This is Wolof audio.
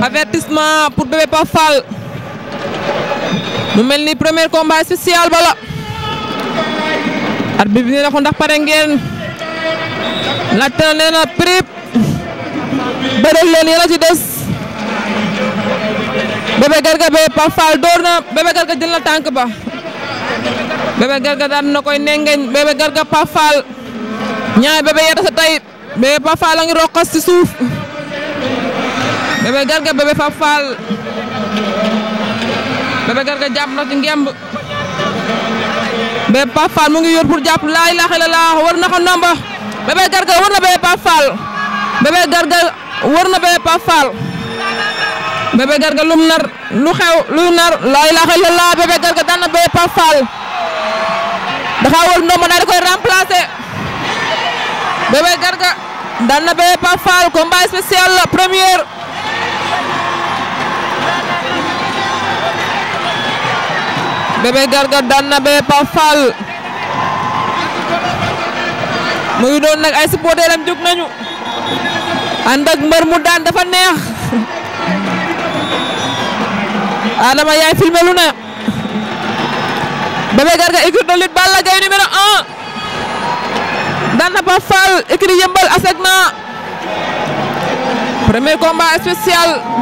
avertissement pour bébé Pape Fall mu mel ni premier combat spécial bala at bi nee na ko ndax pare ngeen laajte na nee na prip leen yéen a ci des bébé garga bébé Pape Fall door na bébé garga jël na tànk ba bébé garga daan na koy nengeñ bébé garga Pape Fall ñaari bébé yeta sa tey bébé Pape a ngi roqas ci suuf Bébé Garga Bébé Fab Fall Bébé Garga jàpp na ci ngemb Bébé Fab mu ngi yor pour jàpp laa ilaaha illallaah war na ko ndomba Bébé Garga war na Bébé Fab Bébé Garga war na Bébé Fab Bébé Garga lum nar lu xew luy nar laa ilaaha illallaah Bébé Garga daan na Bébé Fab Fall war ndomba daal di koy remplacer Bébé Garga daan Bébé Fab Fall combat spécial première Bébé Garga daan na Bébé Pape Fall doon nag ay supporteram jóg nañu ànd ak mbër mu daan dafa neex Adama yaay filmé lu ne Garga écurie de lutte Balla Gaye numéro 1 daan na Pape Fall écurie Yeumbeul Asegna premier combat spécial